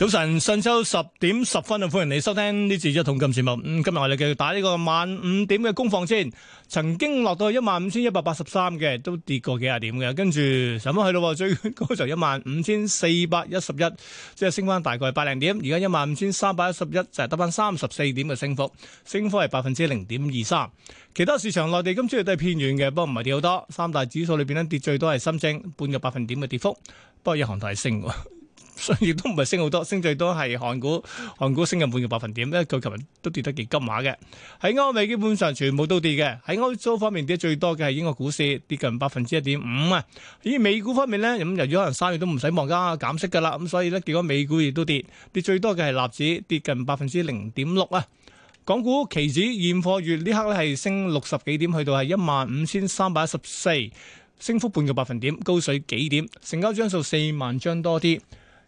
早晨，上晝十點十分啊，歡迎你收聽呢次一桶金節目。今日我哋繼續打呢個萬五點嘅攻防戰。曾經落到一萬五千一百八十三嘅，都跌過幾廿點嘅。跟住就咁去咯，最高就一萬五千四百一十一，即係升翻大概百零點。而家一萬五千三百一十一，就係得翻三十四點嘅升幅，升幅係百分之零點二三。其他市場內地今朝都係偏軟嘅，不過唔係跌好多。三大指數裏邊咧跌最多係深證，半個百分點嘅跌幅。不過日韓都係升。亦都唔係升好多，升最多係韓股，韓股升近半個百分點。因為，佢琴日都跌得幾急下嘅。喺歐美基本上全部都跌嘅。喺歐洲方面跌最多嘅係英國股市，跌近百分之一點五啊。而美股方面呢，咁由於可能三月都唔使望加減息噶啦，咁所以呢，結果美股亦都跌，跌最多嘅係納指，跌近百分之零點六啊。港股期指現貨月呢刻咧係升六十幾點，去到係一萬五千三百一十四，升幅半個百分點，高水幾點，成交張數四萬張多啲。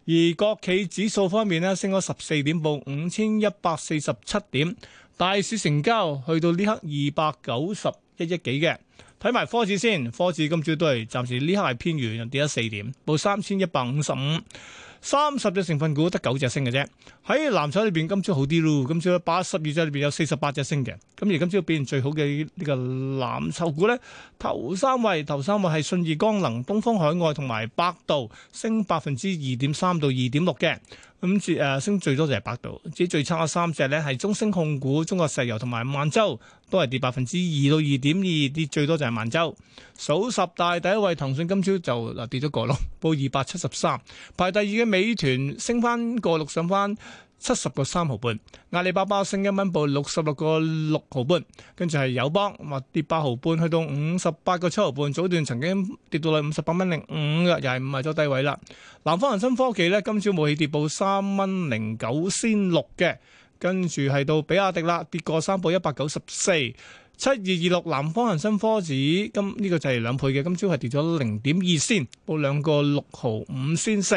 而國企指數方面咧升咗十四點，報五千一百四十七點，大市成交去到呢刻二百九十一億幾嘅。睇埋科指先，科指今朝都係暫時呢刻係偏軟，跌咗四點，報三千一百五十五。三十隻成分股得九隻升嘅啫，喺藍籌裏邊今朝好啲咯，今朝八十二隻裏邊有四十八隻升嘅，咁而今朝表現最好嘅呢個藍籌股咧，頭三位頭三位係信義光能、東方海外同埋百度，升百分之二點三到二點六嘅，咁至誒升最多就係百度，至最差嘅三隻咧係中升控股、中國石油同埋萬洲。都係跌百分之二到二點二，跌最多就係萬洲。數十大第一位騰訊今朝就嗱跌咗個咯，報二百七十三。排第二嘅美團升翻個六上翻七十個三毫半，阿里巴巴升一蚊，報六十六個六毫半。跟住係友邦，話跌八毫半，去到五十八個七毫半。早段曾經跌到嚟五十八蚊零五又廿五係咗低位啦。南方恒生科技呢，今朝冇起跌，報三蚊零九先六嘅。跟住係到比亞迪啦，跌過三部一百九十四。七二二六南方恒生科指，今呢個就係兩倍嘅，今朝係跌咗零點二先，報兩個六毫五先四。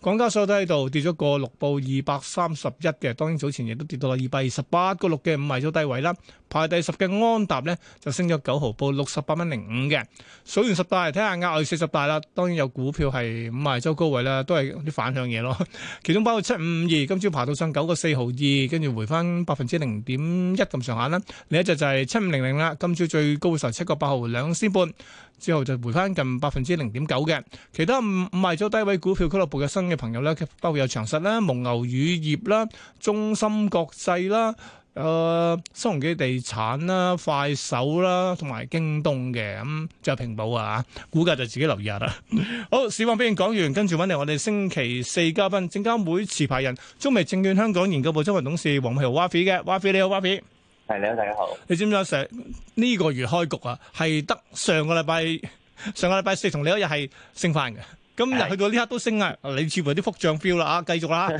港交所都喺度跌咗個六，報二百三十一嘅。當然早前亦都跌到啦，二百二十八個六嘅，五賣咗低位啦。排第十嘅安踏呢，就升咗九毫，報六十八蚊零五嘅。數完十大，睇下額外四十大啦。當然有股票係五賣周高位啦，都係啲反向嘢咯。其中包括七五五二，今朝爬到上九個四毫二，跟住回翻百分之零點一咁上下啦。另一隻就係七五。零零啦，今朝最高時候七個八毫兩仙半，5，之後就回翻近百分之零點九嘅。其他五賣咗低位股票俱樂部嘅新嘅朋友咧，包括有長實啦、蒙牛乳業啦、中芯國際啦、誒、呃、新鴻基地產啦、快手啦，同埋京東嘅，咁就平保啊，股價就自己留意下啦。 好，市王俾人講完，跟住揾嚟我哋星期四嘉賓，證監會持牌人中美證券香港研究部執行董事黃偉豪 Wafi 嘅 Wafi 你好 Wafi 係，你好，大家好。你知唔知啊？上、這、呢個月開局啊，係得上個禮拜，上個禮拜四同你嗰日係升翻嘅。咁入去到呢刻都升啊！你似乎啲幅漲標啦啊，繼續啦。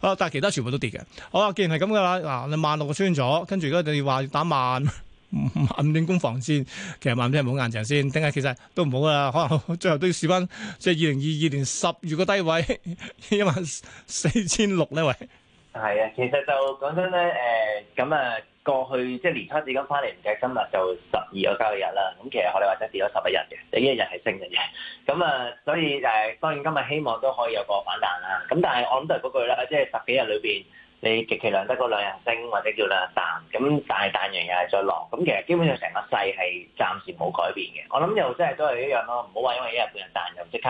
啊， 但係其他全部都跌嘅。好啊，既然係咁噶啦，嗱、啊，萬六穿咗，跟住如果你話打萬暗點攻防先，其實萬點係冇硬仗先。等下其實都唔好啦，可能最後都要試翻即係二零二二年十月嘅低位一萬四千六呢喂，係啊，其實就講真咧，誒、呃，咁啊。過去即係年初至今翻嚟，唔計今日就十二個交易日啦。咁其實我哋話真係跌咗十一日嘅，第一日係升嘅啫。咁啊，所以誒、就是、當然今日希望都可以有個反彈啦。咁但係我諗都係嗰句啦，即係十幾日裏邊，你極其量得嗰兩日升或者叫兩日彈，咁但係彈完又再落。咁其實基本上成個勢係暫時冇改變嘅。我諗又真係都係一樣咯，唔好話因為一日半日彈又即刻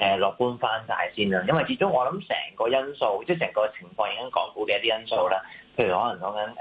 誒樂觀翻曬先啊。因為始終我諗成個因素，即係成個情況影響港股嘅一啲因素啦。譬如可能講緊誒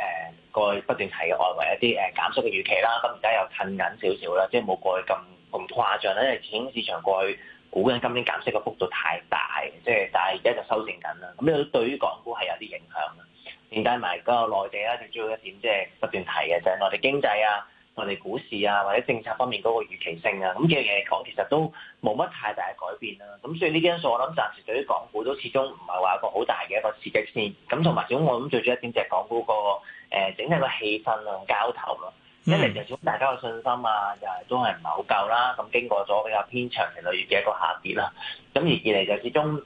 過去不斷提嘅外圍一啲誒減息嘅預期啦，咁而家又褪緊少少啦，即係冇過去咁咁誇張啦，因為曾經市場過去估緊今年減息嘅幅度太大，即係，但係而家就修正緊啦。咁呢個對於港股係有啲影響啦，連帶埋個內地啦，最重要一點即係不斷提嘅就係、是、內地經濟啊。我哋股市啊，或者政策方面嗰個預期性啊，咁嘅嘢講，嗯、其實都冇乜太大改變啦、啊。咁所以呢啲因素，我諗暫時對於港股都始終唔係話一個好大嘅一個刺激先。咁同埋，始、嗯、終我諗最主要一點就係港股、嗰個整體個氣氛啊、交投咯、啊。一嚟就始終大家嘅信心啊，又、就、係、是、都係唔係好夠啦。咁、嗯嗯、經過咗比較偏長期類嘅一個下跌啦、啊。咁而二嚟就始終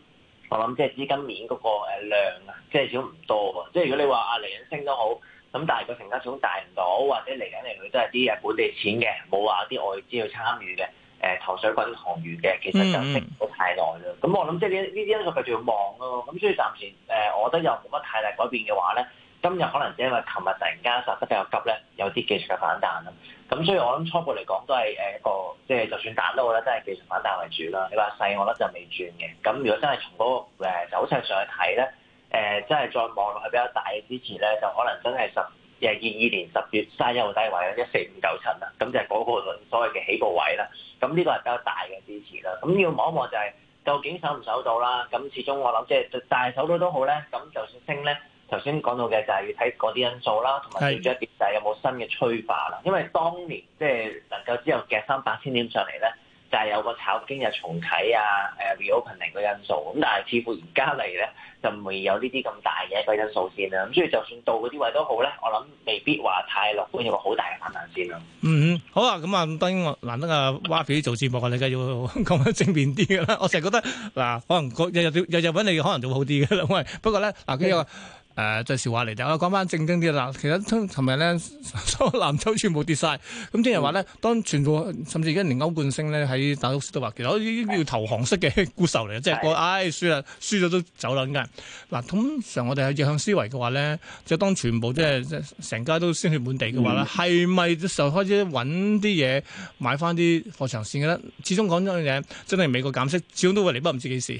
我諗即係資金面嗰個量啊，即係始終唔多喎、啊。即、就、係、是、如果你話啊嚟緊升都好。咁但係個成交總大唔到，或者嚟緊嚟去都係啲本地錢嘅，冇話啲外資去參與嘅，誒、欸、糖水或者糖嘅，其實就升唔到太耐咯。咁我諗即係呢呢啲因素繼續望咯。咁所以暫時誒，我覺得又冇乜太大改變嘅話咧，今日可能只係因為琴日突然間殺得比較急咧，有啲技術嘅反彈啦。咁所以我諗初步嚟講都係誒一個，即係就算彈都好咧，都係技術反彈為主啦。你話細，我覺得就未轉嘅。咁如果真係從嗰個走勢上去睇咧。誒，即係再望落去比較大嘅支持咧，就可能真係十誒二二年十月卅一號低位一四五九七啦，咁就係嗰個輪所謂嘅起步位啦。咁呢個係比較大嘅支持啦。咁要望一望就係、是、究竟守唔守到啦。咁始終我諗即係但係守到都好咧。咁就算升咧，頭先講到嘅就係要睇嗰啲因素啦，同埋最重要一點就係有冇新嘅催化啦。因為當年即係、就是、能夠之後夾三百千點上嚟咧。就係有個炒經濟重啟啊，誒 reopening 個因素咁，但係似乎而家嚟咧就未有呢啲咁大嘅一個因素先啦。咁所以就算到嗰啲位都好咧，我諗未必話太樂觀，有個好大嘅壓力先咯。嗯，好啊，咁、嗯、啊，當然我難得啊，Wafi 做節目，我哋梗係要講 正面啲嘅啦。我成日覺得嗱、啊，可能日日日日搵你可能就好啲嘅啦。喂，不過咧嗱，今、啊、日。誒、呃、就係、是、笑話嚟㗎，我講翻正經啲啦。其實，通尋日咧，所有藍籌全部跌晒。咁啲人話咧，當全部甚至而家連歐冠昇咧，喺大陸都話，其實好似叫投降式嘅沽售嚟，即係個唉輸啦，輸咗都走啦咁嘅。嗱，通常我哋係逆向思維嘅話咧，就當全部即係成家都鮮血滿地嘅話咧，係咪、嗯、就開始揾啲嘢買翻啲貨場線咧？始終講咗嘢，真係美國減息，始終都會嚟噃，唔知幾時，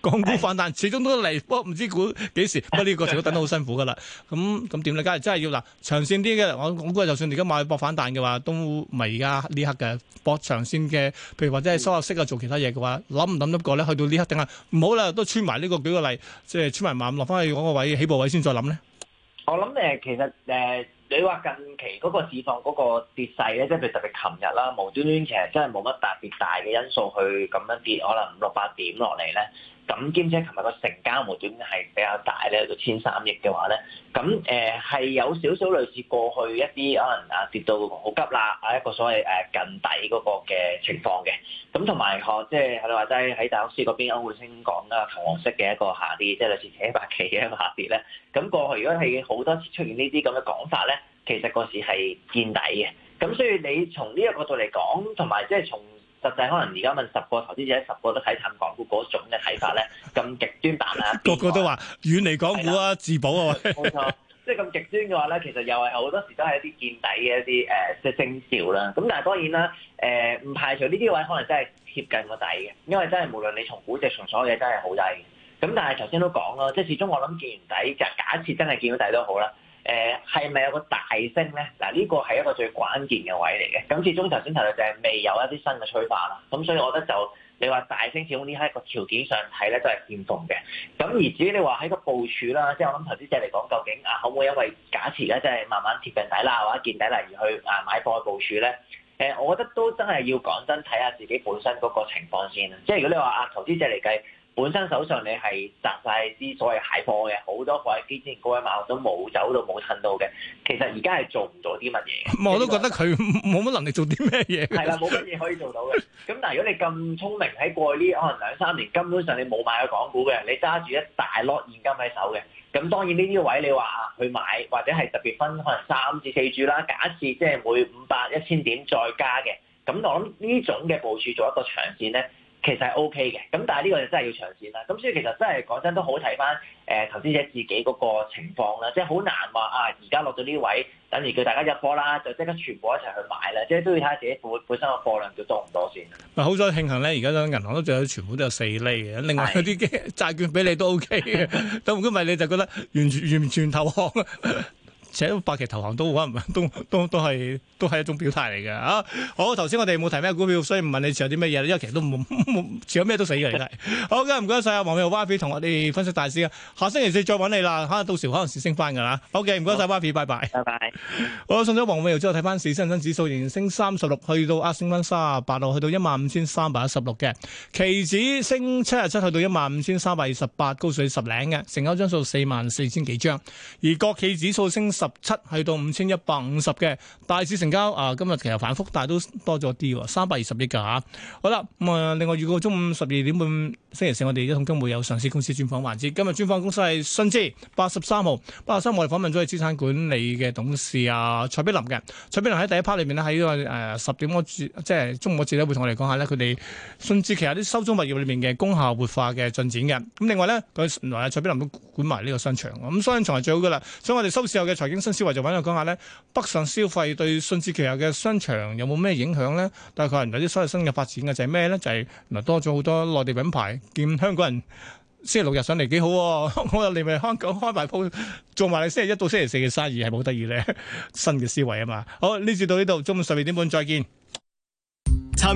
港股反彈，始終都嚟噃，唔知估幾時。不過呢個 咁好辛苦噶啦，咁咁點咧？假如真係要嗱長線啲嘅，我我估就算你而家買去搏反彈嘅話，都唔係而家呢刻嘅。搏長線嘅，譬如或者係收下息啊，做其他嘢嘅話，諗唔諗得過咧？去到呢刻定係唔好啦，都穿埋呢個，舉個例，即係穿埋萬落翻去嗰個位起步位先再諗咧。我諗誒，其實誒，你話近期嗰個市況嗰個跌勢咧，即係譬如特別琴日啦，無端端其實真係冇乜特別大嘅因素去咁樣跌，可能五六百點落嚟咧。咁兼且琴日個成交冇端係比較大咧，到千三億嘅話咧，咁誒係有少少類似過去一啲可能啊跌到好急啦，啊一個所謂誒近底嗰個嘅情況嘅，咁同埋學即係你話齋喺大屋師嗰邊歐股升講啦，投降式嘅一個下跌，即係類似扯白旗嘅一個下跌咧。咁過去如果係好多次出現呢啲咁嘅講法咧，其實嗰時係見底嘅。咁所以你從呢一個角度嚟講，同埋即係從。實際可能而家問十個投資者，十個都睇淡港股嗰種嘅睇法咧，咁 極端版 啊，個個都話遠離港股啊，自保啊，冇 錯，即係咁極端嘅話咧，其實又係好多時都係一啲見底嘅一啲誒，即係徵兆啦。咁但係當然啦，誒、呃、唔排除呢啲位可能真係貼近個底嘅，因為真係無論你從估值從所有嘢真係好低。咁但係頭先都講咯，即係始終我諗見唔底就假設真係見到底都好啦。誒係咪有個大升咧？嗱，呢個係一個最關鍵嘅位嚟嘅。咁始終頭先提到就係未有一啲新嘅催化啦。咁所以我覺得就你話大升，始終呢喺一個條件上睇咧都係偏逢嘅。咁而至於你話喺個部署啦，即係我諗投資者嚟講，究竟啊可唔可以因為假設咧即係慢慢貼近底啦或者見底嚟而去啊買貨嘅部署咧？誒，我覺得都真係要講真睇下自己本身嗰個情況先。即係如果你話啊投資者嚟計。本身手上你係集晒啲所謂蟹貨嘅，好多貨係之前高位買我都冇走到冇襯到嘅，其實而家係做唔到啲乜嘢。我都覺得佢冇乜能力做啲咩嘢。係啦，冇乜嘢可以做到嘅。咁 但係如果你咁聰明，喺過去呢可能兩三年根本上你冇買過港股嘅，你揸住一大攞現金喺手嘅，咁當然呢啲位你話去買，或者係特別分可能三至四注啦，假設即係每五百一千點再加嘅，咁我諗呢種嘅部署做一個長線咧。其實係 O K 嘅，咁但係呢個就真係要長線啦。咁所以其實真係講真都好睇翻，誒投資者自己嗰個情況啦，即係好難話啊！而家落到呢位，等於叫大家入貨啦，就即刻全部一齊去買啦，即係都要睇下自己本本身個貨量叫多唔多先。嗱，好彩慶幸咧，而家啲銀行都仲有全部都有四厘嘅，另外有啲債券俾你都 O K 嘅，都如果唔係你就覺得完全完全投降 扯白旗投行都可能、啊、都都都係都係一種表態嚟嘅嚇。好，頭先我哋冇提咩股票，所以唔問你持有啲乜嘢，因為其實都冇冇持有咩都死嘅嚟嘅。好嘅，唔該晒。啊，黃 偉豪、Yummy 同我哋分析大師啊，下星期四再揾你啦。嚇，到時可能先升翻㗎嚇。OK，唔該晒。Yummy 拜拜。拜拜。我上咗黃偉豪之後睇翻市，恒生指數仍然升三十六，去到啊升翻三十八度，去到一萬五千三百一十六嘅。期指升七十七，去到一萬五千三百二十八，高水十零嘅。成交張數四萬四千幾張，而國企指數升十。七係到五千一百五十嘅，大市成交啊、呃，今日其實反覆，但係都多咗啲，三百二十億噶吓。好啦，咁、嗯、啊，另外預告中午十二點半星期四，我哋一通都會有上市公司專訪環節。今日專訪公司係信置八十三號，八十三號我哋訪問咗係資產管理嘅董事啊蔡碧琳嘅。蔡碧琳喺第一 part 裏面呢，喺個誒十點即我即係中午我字咧會同我哋講下呢，佢哋信置其實啲收租物業裏面嘅功效活化嘅進展嘅。咁、嗯、另外呢，原來係蔡碧琳都管埋呢個商場，咁、啊、商場係最好噶啦。所以我哋收市後嘅究竟新思維就揾佢講下咧，北上消費對信置旗下嘅商場有冇咩影響咧？但概人話有啲新嘅生意發展嘅，就係咩咧？就係嗱多咗好多內地品牌，見香港人星期六日上嚟幾好、哦，我又嚟咪香港開埋鋪，做埋你星期一到星期四嘅生意係冇得意咧， 新嘅思維啊嘛。好呢次到呢度，中午十二點半再見。